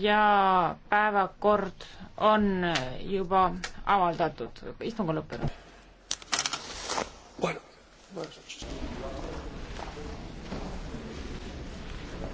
ja päevakord on juba avaldatud. istung on lõppenud. Bueno, buenas noches.